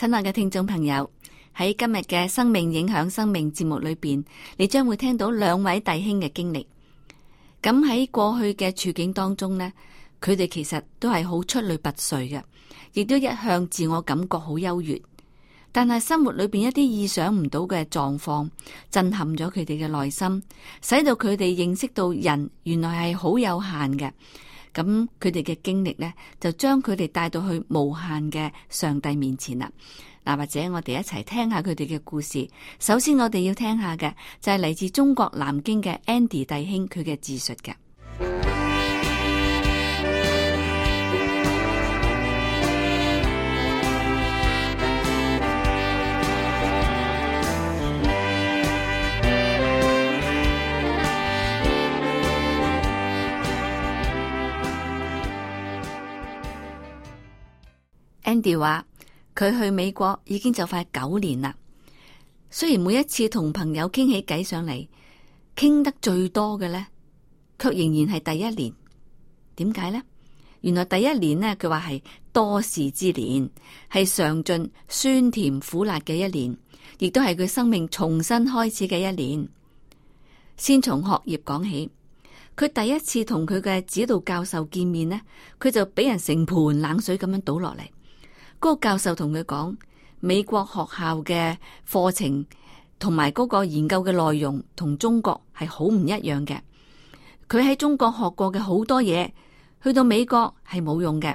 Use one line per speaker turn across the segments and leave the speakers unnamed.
親愛嘅聽眾朋友，喺今日嘅生命影響生命節目裏邊，你將會聽到兩位弟兄嘅經歷。咁喺過去嘅處境當中呢，佢哋其實都係好出類拔萃嘅，亦都一向自我感覺好優越。但係生活裏邊一啲意想唔到嘅狀況，震撼咗佢哋嘅內心，使到佢哋認識到人原來係好有限嘅。咁佢哋嘅經歷呢，就將佢哋帶到去無限嘅上帝面前啦。嗱，或者我哋一齊聽下佢哋嘅故事。首先，我哋要聽下嘅就係嚟自中國南京嘅 Andy 弟兄佢嘅自述嘅。Andy 話佢去美國已經就快九年啦。雖然每一次同朋友傾起偈上嚟，傾得最多嘅咧，卻仍然係第一年。點解呢？原來第一年呢，佢話係多事之年，係嘗盡酸甜苦辣嘅一年，亦都係佢生命重新開始嘅一年。先從學業講起，佢第一次同佢嘅指導教授見面呢，佢就俾人成盆冷水咁樣倒落嚟。嗰個教授同佢講，美國學校嘅課程同埋嗰個研究嘅內容同中國係好唔一樣嘅。佢喺中國學過嘅好多嘢，去到美國係冇用嘅。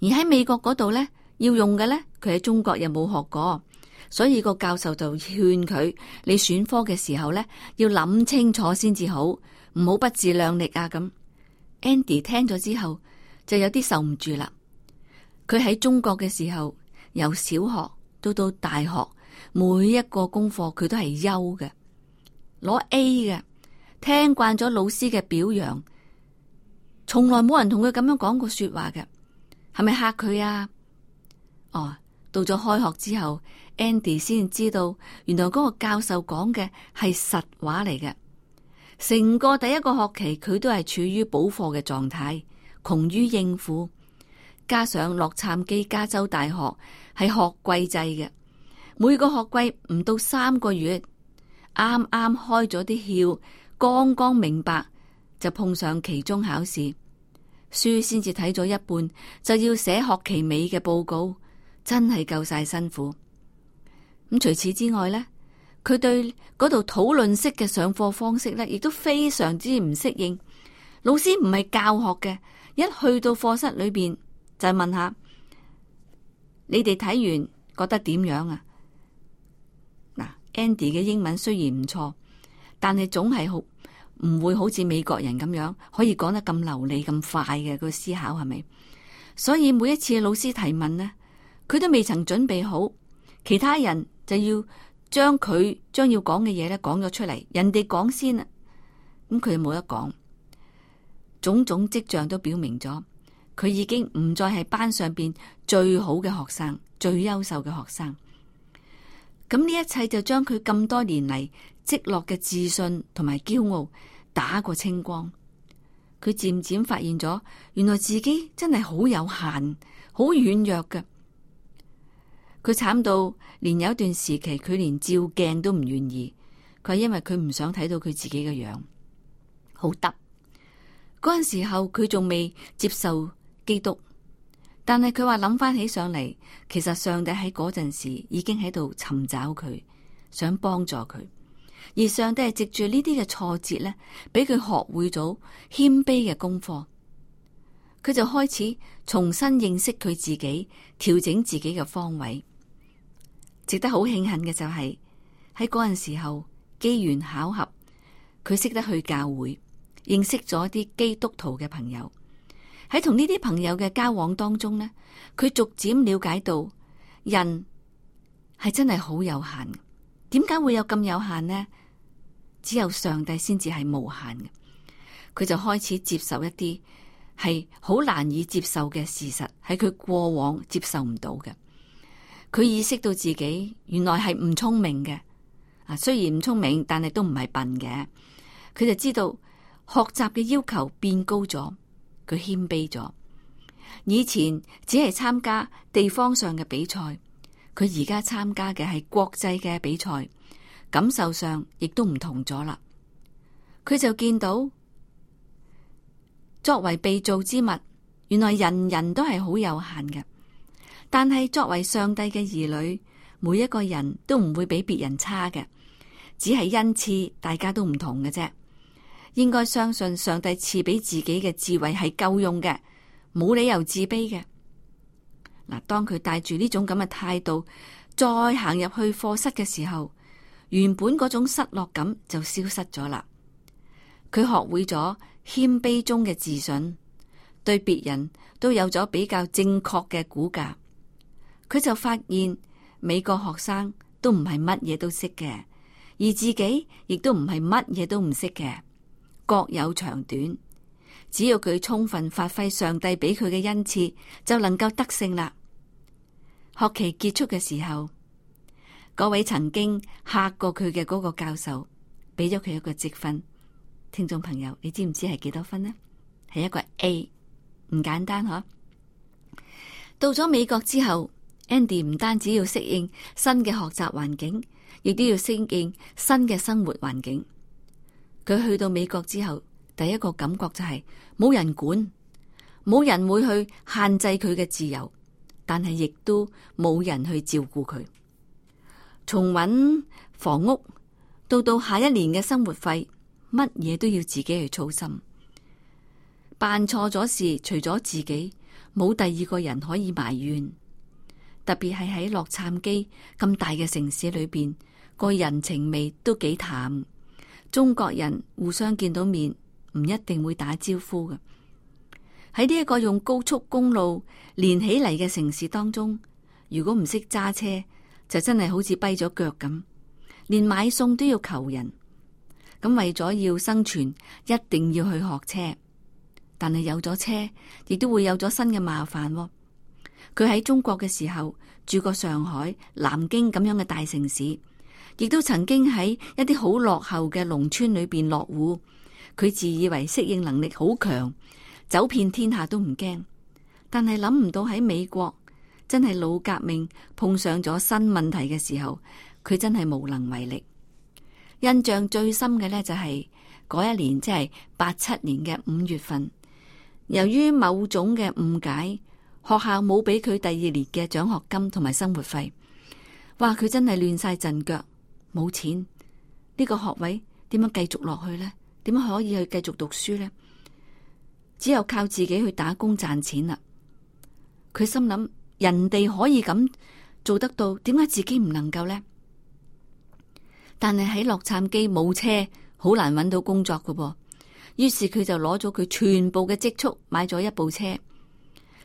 而喺美國嗰度咧，要用嘅咧，佢喺中國又冇學過，所以個教授就勸佢：你選科嘅時候咧，要諗清楚先至好，唔好不自量力啊！咁 Andy 聽咗之後，就有啲受唔住啦。佢喺中國嘅時候，由小學到到大學，每一個功課佢都係優嘅，攞 A 嘅，聽慣咗老師嘅表揚，從來冇人同佢咁樣講過說話嘅，係咪嚇佢啊？哦，到咗開學之後，Andy 先知道，原來嗰個教授講嘅係實話嚟嘅。成個第一個學期，佢都係處於補課嘅狀態，窮於應付。加上洛杉磯加州大學係學季制嘅，每個學季唔到三個月，啱啱開咗啲竅，剛剛明白就碰上期中考試，書先至睇咗一半，就要寫學期尾嘅報告，真係夠晒辛苦。咁除此之外呢，佢對嗰度討論式嘅上課方式呢，亦都非常之唔適應。老師唔係教學嘅，一去到課室裏邊。就問下你哋睇完覺得點樣啊？嗱，Andy 嘅英文雖然唔錯，但係總係好唔會好似美國人咁樣可以講得咁流利咁快嘅個思考係咪？所以每一次老師提問呢，佢都未曾準備好，其他人就要將佢將要講嘅嘢咧講咗出嚟，人哋講先啊，咁佢冇得講，種種跡象都表明咗。佢已經唔再係班上邊最好嘅學生，最優秀嘅學生。咁呢一切就將佢咁多年嚟積落嘅自信同埋驕傲打過清光。佢漸漸發現咗，原來自己真係好有限，好軟弱嘅。佢慘到連有一段時期，佢連照鏡都唔願意。佢係因為佢唔想睇到佢自己嘅樣，好得，嗰陣時候，佢仲未接受。基督，但係佢話諗翻起上嚟，其實上帝喺嗰陣時已經喺度尋找佢，想幫助佢。而上帝係藉住呢啲嘅挫折咧，俾佢學會咗謙卑嘅功課。佢就開始重新認識佢自己，調整自己嘅方位。值得好慶幸嘅就係喺嗰陣時候機緣巧合，佢識得去教會認識咗啲基督徒嘅朋友。喺同呢啲朋友嘅交往當中呢，佢逐漸了解到人係真係好有限嘅。點解會有咁有限呢？只有上帝先至係無限嘅。佢就開始接受一啲係好難以接受嘅事實，喺佢過往接受唔到嘅。佢意識到自己原來係唔聰明嘅啊，雖然唔聰明，但係都唔係笨嘅。佢就知道學習嘅要求變高咗。佢謙卑咗，以前只係參加地方上嘅比賽，佢而家參加嘅係國際嘅比賽，感受上亦都唔同咗啦。佢就見到作為被造之物，原來人人都係好有限嘅，但係作為上帝嘅兒女，每一個人都唔會畀別人差嘅，只係因此大家都唔同嘅啫。應該相信上帝賜俾自己嘅智慧係夠用嘅，冇理由自卑嘅。嗱，當佢帶住呢種咁嘅態度再行入去課室嘅時候，原本嗰種失落感就消失咗啦。佢學會咗謙卑中嘅自信，對別人都有咗比較正確嘅估價。佢就發現每個學生都唔係乜嘢都識嘅，而自己亦都唔係乜嘢都唔識嘅。各有長短，只要佢充分發揮上帝俾佢嘅恩賜，就能夠得勝啦。學期結束嘅時候，嗰位曾經吓過佢嘅嗰個教授，俾咗佢一個積分。聽眾朋友，你知唔知係幾多分呢？係一個 A，唔簡單嗬。到咗美國之後，Andy 唔單止要適應新嘅學習環境，亦都要適應新嘅生活環境。佢去到美國之後，第一個感覺就係冇人管，冇人會去限制佢嘅自由，但係亦都冇人去照顧佢，從揾房屋到到下一年嘅生活費，乜嘢都要自己去操心。辦錯咗事，除咗自己，冇第二個人可以埋怨。特別係喺洛杉磯咁大嘅城市裏邊，個人情味都幾淡。中國人互相見到面唔一定會打招呼嘅，喺呢一個用高速公路連起嚟嘅城市當中，如果唔識揸車，就真係好似跛咗腳咁，連買餸都要求人。咁為咗要生存，一定要去學車，但係有咗車，亦都會有咗新嘅麻煩喎。佢喺中國嘅時候住過上海、南京咁樣嘅大城市。亦都曾經喺一啲好落後嘅農村裏邊落戶，佢自以為適應能力好強，走遍天下都唔驚。但係諗唔到喺美國真係老革命碰上咗新問題嘅時候，佢真係無能為力。印象最深嘅咧就係、是、嗰一年，即係八七年嘅五月份，由於某種嘅誤解，學校冇俾佢第二年嘅獎學金同埋生活費，話佢真係亂晒陣腳。冇錢，呢個學位點樣繼續落去呢？點樣可以去繼續讀書呢？只有靠自己去打工賺錢啦。佢心諗：「人哋可以咁做得到，點解自己唔能夠呢？」但係喺洛杉磯冇車，好難揾到工作噶噃。於是佢就攞咗佢全部嘅積蓄買咗一部車。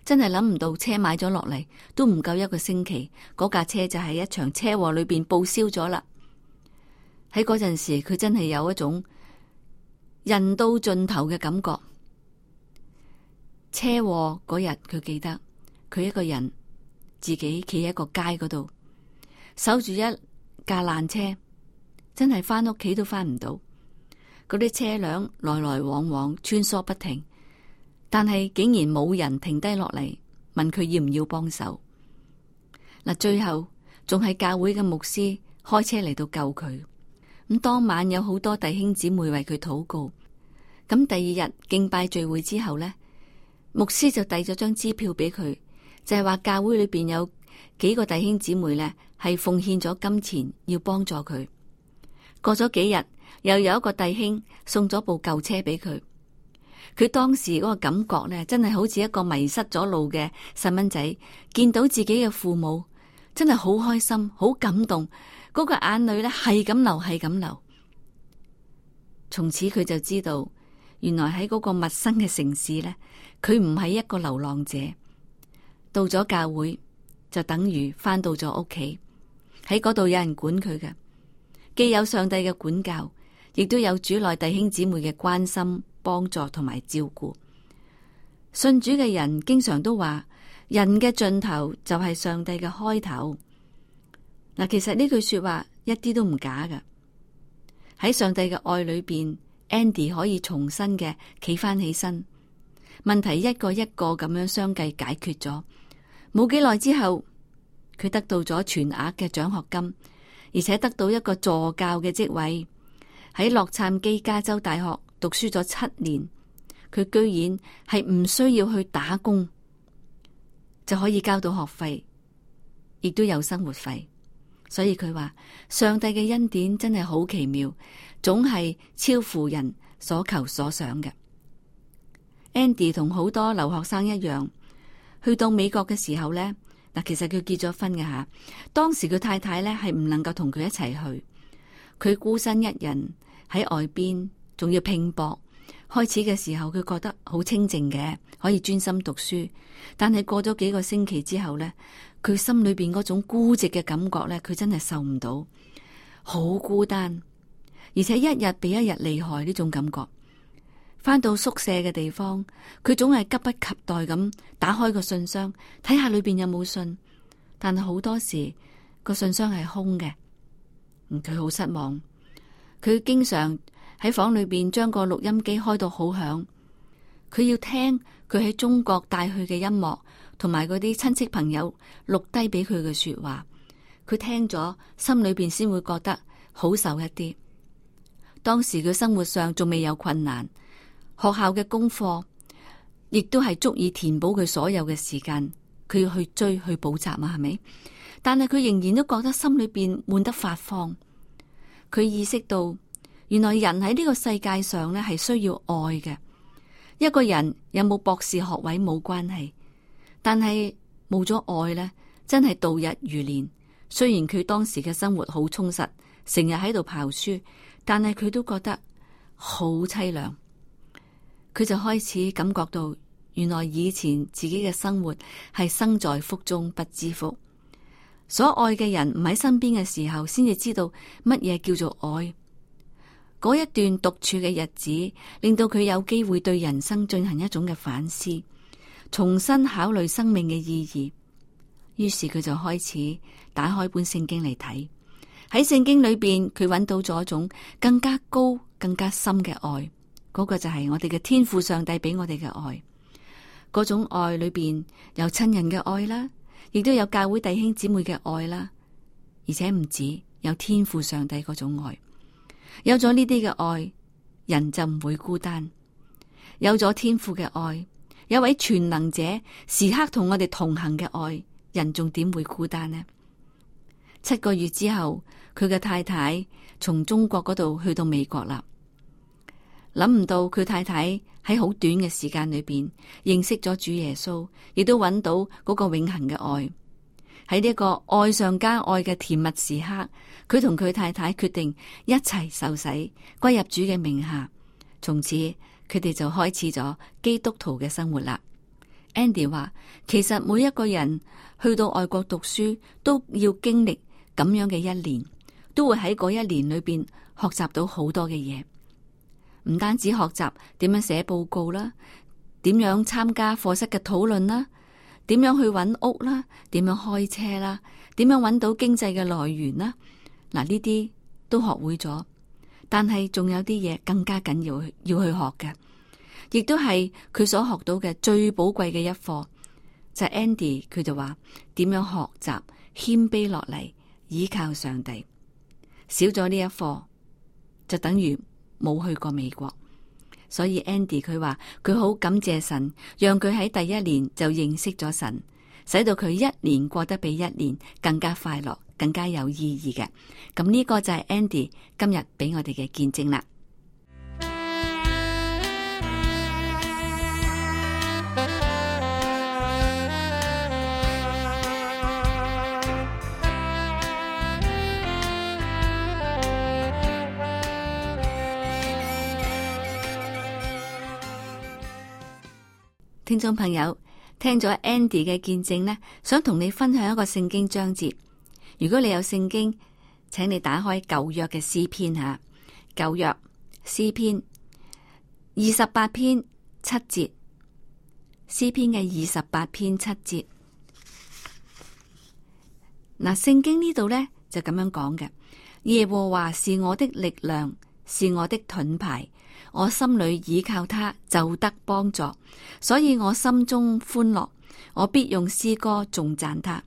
真係諗唔到，車買咗落嚟都唔夠一個星期，嗰架車就喺一場車禍裏邊報銷咗啦。喺嗰陣時，佢真係有一種人到盡頭嘅感覺。車禍嗰日，佢記得佢一個人自己企喺個街嗰度，守住一架爛車，真係翻屋企都翻唔到。嗰啲車輛來來往往穿梭不停，但係竟然冇人停低落嚟問佢要唔要幫手。嗱，最後仲係教會嘅牧師開車嚟到救佢。咁當晚有好多弟兄姊妹為佢禱告，咁第二日敬拜聚會之後呢，牧師就遞咗張支票俾佢，就係話教會裏邊有幾個弟兄姊妹呢，係奉獻咗金錢要幫助佢。過咗幾日，又有一個弟兄送咗部舊車俾佢，佢當時嗰個感覺呢，真係好似一個迷失咗路嘅細蚊仔，見到自己嘅父母，真係好開心，好感動。嗰個眼淚咧，係咁流係咁流，從此佢就知道，原來喺嗰個陌生嘅城市呢，佢唔係一個流浪者。到咗教會就等於翻到咗屋企，喺嗰度有人管佢嘅，既有上帝嘅管教，亦都有主內弟兄姊妹嘅關心、幫助同埋照顧。信主嘅人經常都話，人嘅盡頭就係上帝嘅開頭。嗱，其實呢句說話一啲都唔假嘅。喺上帝嘅愛裏邊，Andy 可以重新嘅企翻起身。問題一個一個咁樣相繼解決咗，冇幾耐之後，佢得到咗全額嘅獎學金，而且得到一個助教嘅職位。喺洛杉磯加州大學讀書咗七年，佢居然係唔需要去打工，就可以交到學費，亦都有生活費。所以佢話上帝嘅恩典真係好奇妙，總係超乎人所求所想嘅。Andy 同好多留學生一樣，去到美國嘅時候呢，嗱，其實佢結咗婚嘅吓，當時佢太太呢係唔能夠同佢一齊去，佢孤身一人喺外邊，仲要拼搏。開始嘅時候佢覺得好清靜嘅，可以專心讀書，但係過咗幾個星期之後呢，佢心裏邊嗰種孤寂嘅感覺咧，佢真係受唔到，好孤單，而且一日比一日厲害呢種感覺。翻到宿舍嘅地方，佢總係急不及待咁打開個信箱，睇下裏邊有冇信，但係好多時個信箱係空嘅，佢好失望。佢經常喺房裏邊將個錄音機開到好響，佢要聽佢喺中國帶去嘅音樂。同埋嗰啲親戚朋友錄低俾佢嘅說話，佢聽咗心裏邊先會覺得好受一啲。當時佢生活上仲未有困難，學校嘅功課亦都係足以填補佢所有嘅時間。佢要去追去補習啊，係咪？但係佢仍然都覺得心裏邊悶得發慌。佢意識到原來人喺呢個世界上呢係需要愛嘅。一個人有冇博士學位冇關係。但係冇咗愛呢，真係度日如年。雖然佢當時嘅生活好充實，成日喺度刨書，但係佢都覺得好凄涼。佢就開始感覺到，原來以前自己嘅生活係生在福中不知福。所愛嘅人唔喺身邊嘅時候，先至知道乜嘢叫做愛。嗰一段獨處嘅日子，令到佢有機會對人生進行一種嘅反思。重新考慮生命嘅意義，於是佢就開始打開本聖經嚟睇。喺聖經裏邊，佢揾到咗一種更加高、更加深嘅愛，嗰個就係我哋嘅天父上帝俾我哋嘅愛。嗰種愛裏邊有親人嘅愛啦，亦都有教會弟兄姊妹嘅愛啦，而且唔止有天父上帝嗰種愛。有咗呢啲嘅愛，人就唔會孤單。有咗天父嘅愛，有位全能者時刻同我哋同行嘅愛，人仲點會孤單呢？七個月之後，佢嘅太太從中國嗰度去到美國啦。諗唔到佢太太喺好短嘅時間裏邊，認識咗主耶穌，亦都揾到嗰個永恒嘅愛。喺呢個愛上加愛嘅甜蜜時刻，佢同佢太太決定一齊受洗，歸入主嘅名下，從此。佢哋就開始咗基督徒嘅生活啦。Andy 話，其實每一個人去到外國讀書，都要經歷咁樣嘅一年，都會喺嗰一年裏邊學習到好多嘅嘢。唔單止學習點樣寫報告啦，點樣參加課室嘅討論啦，點樣去揾屋啦，點樣開車啦，點樣揾到經濟嘅來源啦。嗱，呢啲都學會咗。但係仲有啲嘢更加緊要要去學嘅，亦都係佢所學到嘅最寶貴嘅一課，就係 Andy 佢就話點樣學習謙卑落嚟依靠上帝，少咗呢一課就等於冇去過美國，所以 Andy 佢話佢好感謝神，讓佢喺第一年就認識咗神。使到佢一年過得比一年更加快樂，更加有意義嘅。咁、這、呢個就係 Andy 今日俾我哋嘅見證啦。聽眾朋友。聽咗 Andy 嘅見證呢，想同你分享一個聖經章節。如果你有聖經，請你打開舊約嘅詩篇吓，舊約詩篇二十八篇七節，詩篇嘅二十八篇七節。嗱，聖經呢度呢，就咁樣講嘅，耶和華是我的力量，是我的盾牌。我心裏倚靠他，就得幫助，所以我心中歡樂。我必用詩歌頌讚他。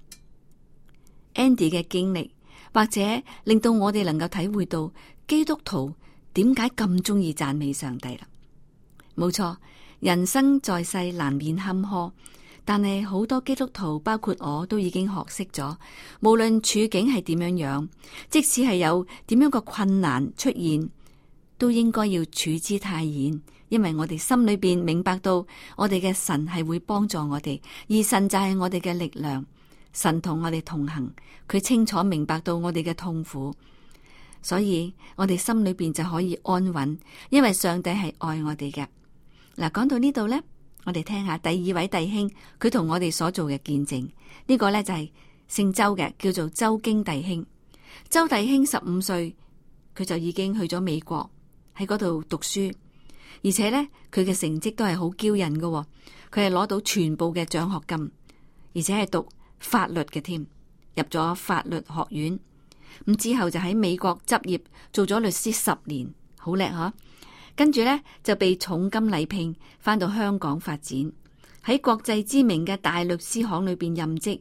Andy 嘅經歷，或者令到我哋能夠體會到基督徒點解咁中意讚美上帝啦。冇錯，人生在世難免坎坷，但係好多基督徒，包括我都已經學識咗，無論處境係點樣樣，即使係有點樣個困難出現。都應該要處之泰然，因為我哋心裏邊明白到，我哋嘅神係會幫助我哋，而神就係我哋嘅力量。神同我哋同行，佢清楚明白到我哋嘅痛苦，所以我哋心裏邊就可以安穩，因為上帝係愛我哋嘅。嗱，講到呢度呢，我哋聽下第二位弟兄，佢同我哋所做嘅見證呢、呢個呢就係姓周嘅，叫做周經弟兄。周弟兄十五歲，佢就已經去咗美國。喺嗰度讀書，而且呢，佢嘅成績都係好驕人嘅。佢係攞到全部嘅獎學金，而且係讀法律嘅添，入咗法律學院咁之後就喺美國執業做咗律師十年，好叻吓。跟住呢，就被重金禮聘翻到香港發展，喺國際知名嘅大律師行裏邊任職，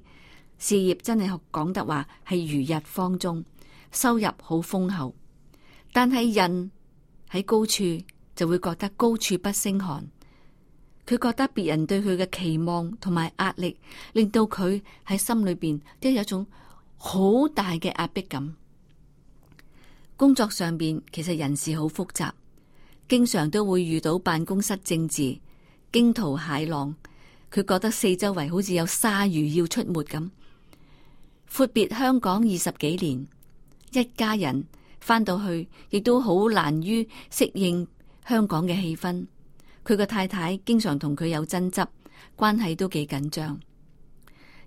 事業真係講得話係如日方中，收入好豐厚，但係人。喺高處就會覺得高處不勝寒，佢覺得別人對佢嘅期望同埋壓力，令到佢喺心裏邊都有一種好大嘅壓迫感。工作上邊其實人事好複雜，經常都會遇到辦公室政治、驚濤駭浪，佢覺得四周圍好似有鯊魚要出沒咁。闊別香港二十幾年，一家人。翻到去亦都好難於適應香港嘅氣氛，佢個太太經常同佢有爭執，關係都幾緊張。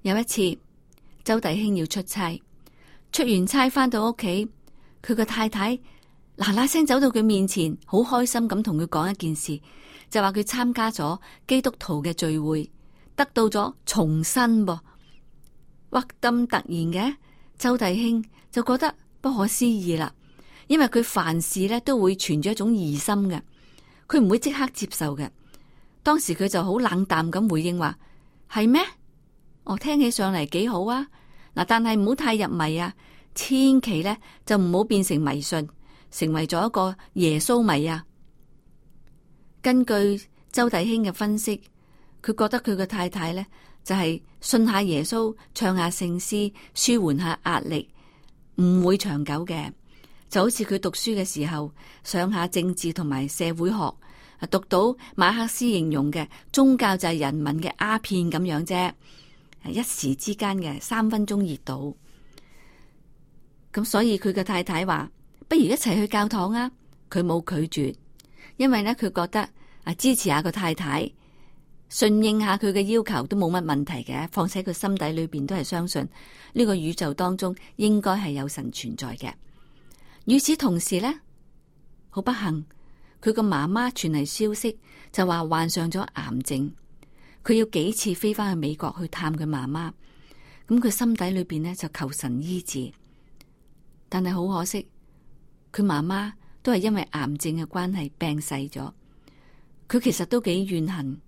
有一次，周弟兄要出差，出完差翻到屋企，佢個太太嗱嗱聲走到佢面前，好開心咁同佢講一件事，就話佢參加咗基督徒嘅聚會，得到咗重生噃。哇！咁突然嘅，周弟兄就覺得不可思議啦。因為佢凡事咧都會存住一種疑心嘅，佢唔會即刻接受嘅。當時佢就好冷淡咁回應話係咩？我、哦、聽起上嚟幾好啊嗱，但係唔好太入迷啊，千祈咧就唔好變成迷信，成為咗一個耶穌迷啊。根據周弟兄嘅分析，佢覺得佢嘅太太咧就係信下耶穌，唱下聖詩，舒緩下壓力，唔會長久嘅。就好似佢讀書嘅時候，上下政治同埋社會學啊，讀到馬克思形容嘅宗教就係人民嘅鴉片咁樣啫，一時之間嘅三分鐘熱度。咁所以佢嘅太太話，不如一齊去教堂啊。佢冇拒絕，因為呢，佢覺得啊，支持下個太太，順應下佢嘅要求都冇乜問題嘅。況且佢心底裏邊都係相信呢個宇宙當中應該係有神存在嘅。與此同時咧，好不幸，佢個媽媽傳嚟消息，就話患上咗癌症。佢要幾次飛翻去美國去探佢媽媽。咁佢心底裏邊咧就求神醫治，但係好可惜，佢媽媽都係因為癌症嘅關係病逝咗。佢其實都幾怨恨，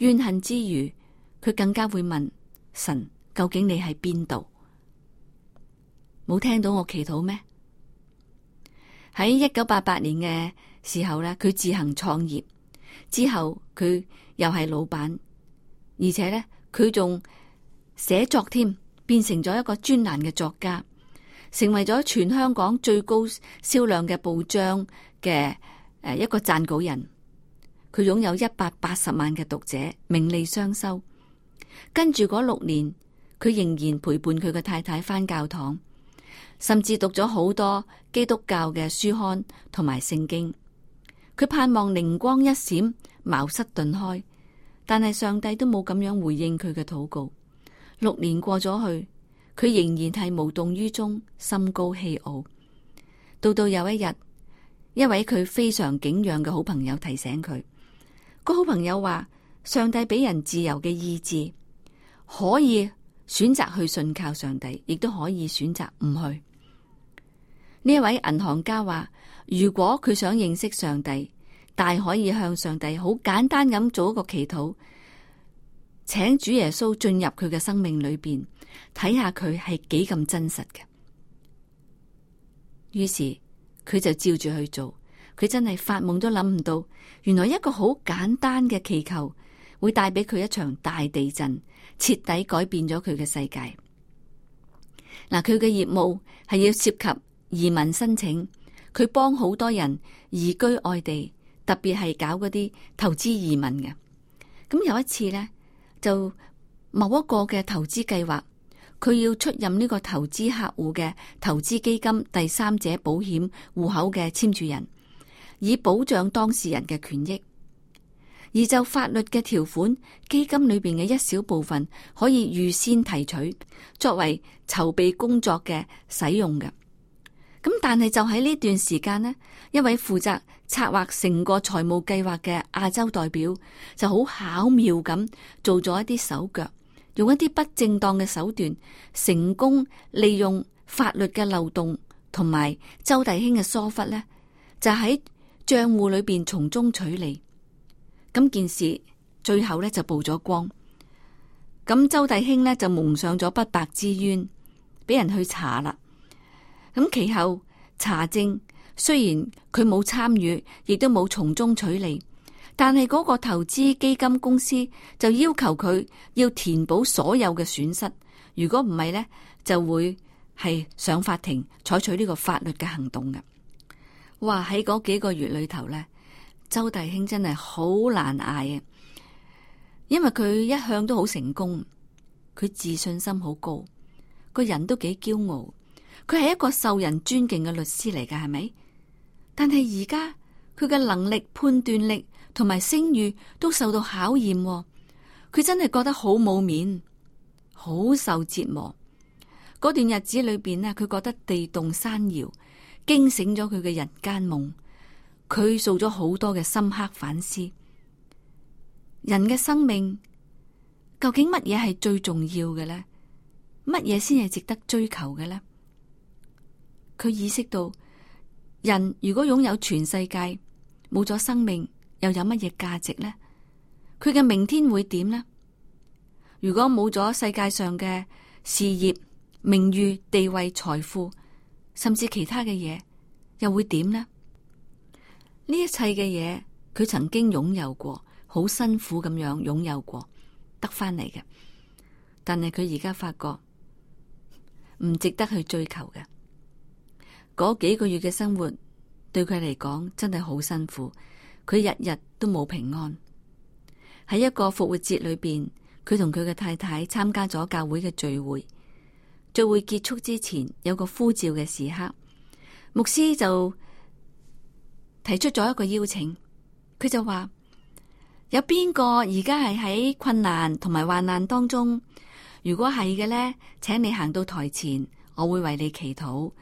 怨恨之餘，佢更加會問神：究竟你喺邊度？冇聽到我祈禱咩？喺一九八八年嘅時候咧，佢自行創業之後，佢又係老闆，而且咧佢仲寫作添，變成咗一個專欄嘅作家，成為咗全香港最高銷量嘅報章嘅誒一個撰稿人。佢擁有一百八十萬嘅讀者，名利雙收。跟住嗰六年，佢仍然陪伴佢嘅太太返教堂。甚至讀咗好多基督教嘅書刊同埋聖經，佢盼望靈光一閃，茅塞頓開，但係上帝都冇咁樣回應佢嘅禱告。六年過咗去，佢仍然係無動於衷，心高氣傲。到到有一日，一位佢非常敬仰嘅好朋友提醒佢，個好朋友話：上帝俾人自由嘅意志，可以，選擇去信靠上帝，亦都可以選擇唔去。呢位銀行家話，如果佢想認識上帝，大可以向上帝好簡單咁做一個祈禱，請主耶穌進入佢嘅生命裏邊，睇下佢係幾咁真實嘅。於是佢就照住去做，佢真係發夢都諗唔到，原來一個好簡單嘅祈求。會帶俾佢一場大地震，徹底改變咗佢嘅世界。嗱，佢嘅業務係要涉及移民申請，佢幫好多人移居外地，特別係搞嗰啲投資移民嘅。咁有一次呢，就某一個嘅投資計劃，佢要出任呢個投資客戶嘅投資基金第三者保險戶口嘅簽署人，以保障當事人嘅權益。而就法律嘅條款，基金裏邊嘅一小部分可以預先提取，作為籌備工作嘅使用嘅。咁但係就喺呢段時間呢，一位負責策劃成個財務計劃嘅亞洲代表，就好巧妙咁做咗一啲手腳，用一啲不正當嘅手段，成功利用法律嘅漏洞同埋周大興嘅疏忽咧，就喺賬戶裏邊從中取利。咁件事最後咧就曝咗光，咁周大興呢就蒙上咗不白之冤，俾人去查啦。咁其後查證，雖然佢冇參與，亦都冇從中取利，但係嗰個投資基金公司就要求佢要填補所有嘅損失，如果唔係咧，就會係上法庭採取呢個法律嘅行動嘅。哇！喺嗰幾個月裏頭咧。周大興真係好難挨啊！因為佢一向都好成功，佢自信心好高，個人都幾驕傲。佢係一個受人尊敬嘅律師嚟㗎，係咪？但係而家佢嘅能力、判斷力同埋聲譽都受到考驗，佢真係覺得好冇面，好受折磨。嗰段日子裏邊啊，佢覺得地動山搖，驚醒咗佢嘅人間夢。佢做咗好多嘅深刻反思，人嘅生命究竟乜嘢係最重要嘅咧？乜嘢先係值得追求嘅咧？佢意識到，人如果擁有全世界，冇咗生命又有乜嘢價值咧？佢嘅明天會點咧？如果冇咗世界上嘅事業、名譽、地位、財富，甚至其他嘅嘢，又會點咧？呢一切嘅嘢，佢曾經擁有過，好辛苦咁樣擁有過，得翻嚟嘅。但係佢而家發覺唔值得去追求嘅。嗰幾個月嘅生活，對佢嚟講真係好辛苦。佢日日都冇平安。喺一個復活節裏邊，佢同佢嘅太太參加咗教會嘅聚會。聚會結束之前，有個呼召嘅時刻，牧師就。提出咗一個邀請，佢就話：有邊個而家係喺困難同埋患難當中？如果係嘅呢，請你行到台前，我會為你祈禱，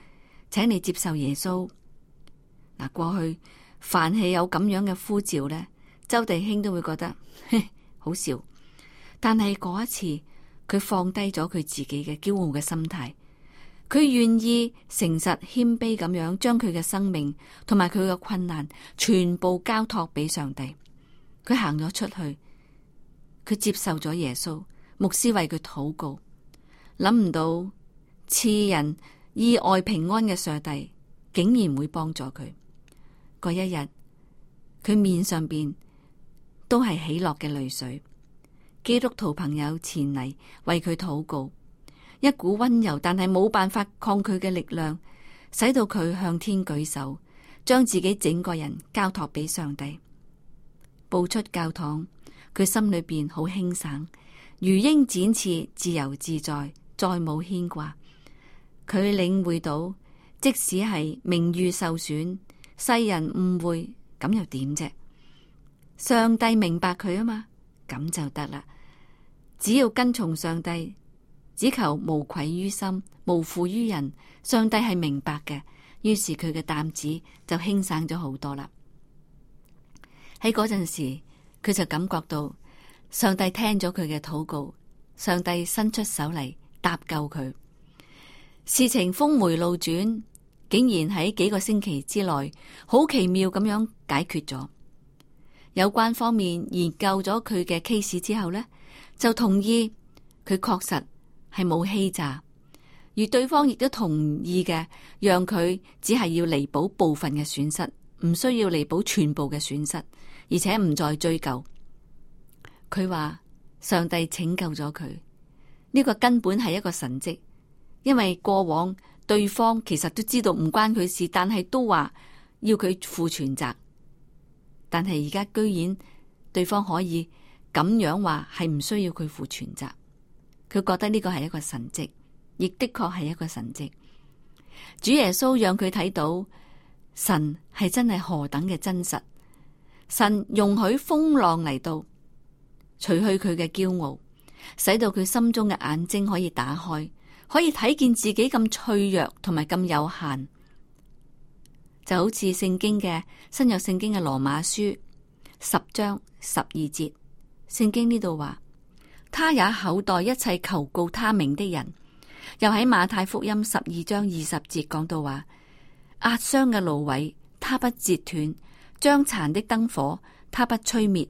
請你接受耶穌。嗱，過去凡係有咁樣嘅呼召呢，周弟兄都會覺得呵呵好笑。但係嗰一次，佢放低咗佢自己嘅驕傲嘅心態。佢願意誠實謙卑咁樣將佢嘅生命同埋佢嘅困難全部交託俾上帝。佢行咗出去，佢接受咗耶穌，牧師為佢禱告。諗唔到賜人意外平安嘅上帝竟然會幫助佢。嗰一日，佢面上邊都係喜樂嘅淚水。基督徒朋友前嚟為佢禱告。一股溫柔但係冇辦法抗拒嘅力量，使到佢向天舉手，將自己整個人交託俾上帝。步出教堂，佢心裏邊好輕省，如鷹展翅，自由自在，再冇牽掛。佢領會到，即使係名譽受損、世人誤會，咁又點啫？上帝明白佢啊嘛，咁就得啦。只要跟從上帝。只求無愧於心，無負於人。上帝係明白嘅，於是佢嘅擔子就輕省咗好多啦。喺嗰陣時，佢就感覺到上帝聽咗佢嘅禱告，上帝伸出手嚟搭救佢。事情峰回路轉，竟然喺幾個星期之內，好奇妙咁樣解決咗。有關方面研究咗佢嘅 case 之後呢，就同意佢確實。係冇欺詐，而對方亦都同意嘅，讓佢只係要彌補部分嘅損失，唔需要彌補全部嘅損失，而且唔再追究。佢話上帝拯救咗佢，呢個根本係一個神蹟，因為過往對方其實都知道唔關佢事，但係都話要佢負全責，但係而家居然對方可以咁樣話係唔需要佢負全責。佢覺得呢個係一個神蹟，亦的確係一個神蹟。主耶穌讓佢睇到神係真係何等嘅真實，神容許風浪嚟到，除去佢嘅驕傲，使到佢心中嘅眼睛可以打開，可以睇見自己咁脆弱同埋咁有限，就好似聖經嘅新約聖經嘅羅馬書十章十二節，聖經呢度話。他也厚待一切求告他名的人。又喺馬太福音十二章二十節講到話：壓傷嘅蘆葦，他不折斷；將殘的燈火，他不吹滅。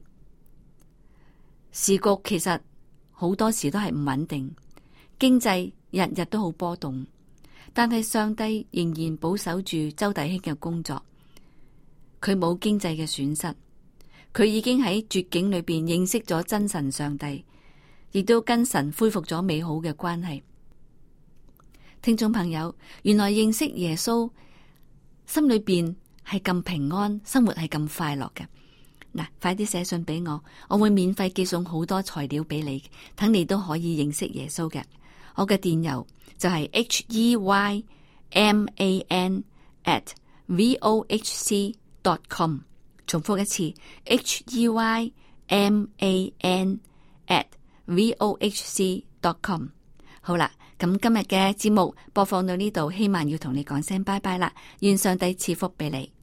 時局其實好多時都係唔穩定，經濟日日都好波動，但係上帝仍然保守住周大興嘅工作，佢冇經濟嘅損失，佢已經喺絕境裏邊認識咗真神上帝。亦都跟神恢復咗美好嘅關係，聽眾朋友，原來認識耶穌，心裏邊係咁平安，生活係咁快樂嘅。嗱，快啲寫信俾我，我會免費寄送好多材料俾你，等你都可以認識耶穌嘅。我嘅電郵就係 h e y m a n at v o h c dot com。重複一次 h e y m a n at vohc.com 好啦，咁今日嘅節目播放到呢度，希望要同你講聲拜拜啦，願上帝賜福俾你。